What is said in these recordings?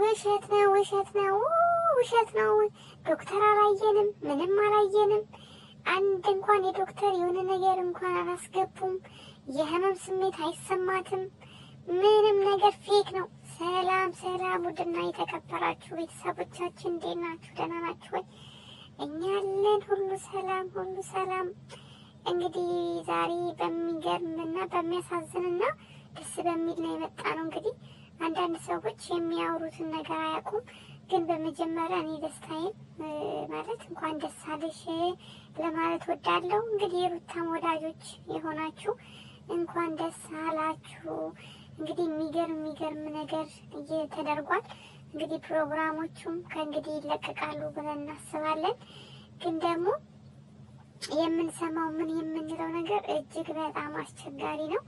ውሸት ነው፣ ውሸት ነው፣ ውሸት ነው። ዶክተር አላየንም፣ ምንም አላየንም። አንድ እንኳን የዶክተር የሆነ ነገር እንኳን አላስገቡም። የህመም ስሜት አይሰማትም። ምንም ነገር ፌክ ነው። ሰላም ሰላም፣ ውድና የተከበራችሁ ቤተሰቦቻችን እንዴት ናችሁ? ደህና ናችሁ ወይ? እኛ ያለን ሁሉ ሰላም፣ ሁሉ ሰላም። እንግዲህ ዛሬ በሚገርምና በሚያሳዝንና ደስ በሚል ነው የመጣ ነው እንግዲህ አንዳንድ ሰዎች የሚያወሩትን ነገር አያውቁም። ግን በመጀመሪያ እኔ ደስታዬን ማለት እንኳን ደስ አለሽ ለማለት ወዳለው። እንግዲህ የሩታም ወዳጆች የሆናችሁ እንኳን ደስ አላችሁ። እንግዲህ የሚገርም የሚገርም ነገር ተደርጓል። እንግዲህ ፕሮግራሞቹም ከእንግዲህ ይለቀቃሉ ብለን እናስባለን። ግን ደግሞ የምንሰማው ምን የምንለው ነገር እጅግ በጣም አስቸጋሪ ነው።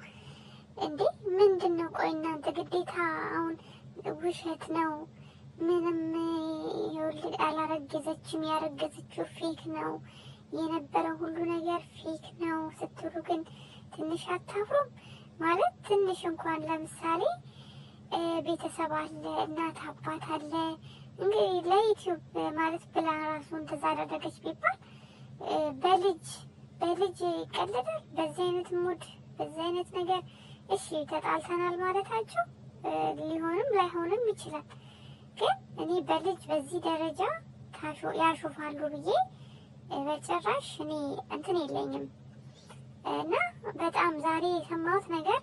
እንዴ ምንድን ነው? ቆይ እናንተ ግዴታ አሁን ውሸት ነው ምንም የወልድ አላረገዘችም፣ ያረገዘችው ፌክ ነው፣ የነበረው ሁሉ ነገር ፌክ ነው ስትሉ ግን ትንሽ አታፍሩም? ማለት ትንሽ እንኳን ለምሳሌ ቤተሰብ አለ፣ እናት አባት አለ። እንግዲህ ለዩትዩብ ማለት ብላ ራሱ እንደዛ አደረገች ቢባል በልጅ በልጅ ይቀለዳል። በዚህ አይነት ሙድ በዚህ አይነት ነገር እሺ ተጣልተናል ማለታቸው ሊሆንም ላይሆንም ይችላል። ግን እኔ በልጅ በዚህ ደረጃ ያሾፋሉ ብዬ በጭራሽ እኔ እንትን የለኝም እና በጣም ዛሬ የሰማሁት ነገር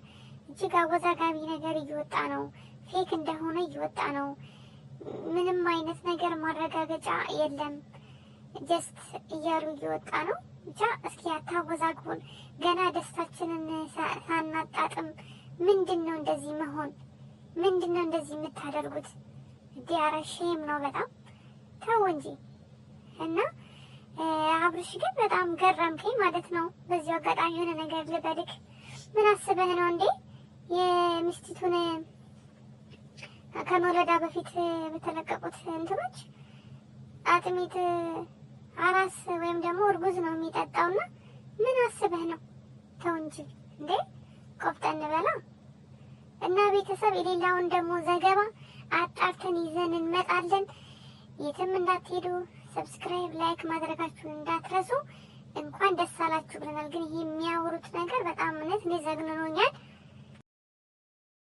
እጅግ አወዛጋቢ ነገር እየወጣ ነው። ፌክ እንደሆነ እየወጣ ነው። ምንም አይነት ነገር ማረጋገጫ የለም ጀስት እያሉ እየወጣ ነው። ብቻ እስኪ አታወዛግቡን። ገና ደስታ አላቅም። ምንድን ነው እንደዚህ መሆን? ምንድን ነው እንደዚህ የምታደርጉት? ዲያረ ሼም ነው በጣም ተው እንጂ እና አብርሽ ግን በጣም ገረምከኝ ማለት ነው። በዚሁ አጋጣሚ የሆነ ነገር ልበልክ። ምን አስበህ ነው እንዴ የሚስቲቱን ከመውለዳ በፊት በተለቀቁት እንትኖች አጥሚት አራስ ወይም ደግሞ እርጉዝ ነው የሚጠጣውና ምን አስበህ ነው? ተው እንጂ እንዴ ቆፍጠን በላ እና ቤተሰብ የሌላውን ደግሞ ዘገባ አጣርተን ይዘን እንመጣለን። የትም እንዳትሄዱ ሰብስክራይብ፣ ላይክ ማድረጋችሁን እንዳትረሱ። እንኳን ደስ አላችሁ ብለናል። ግን ይህ የሚያወሩት ነገር በጣም እውነት እኔ ዘግንኖኛል።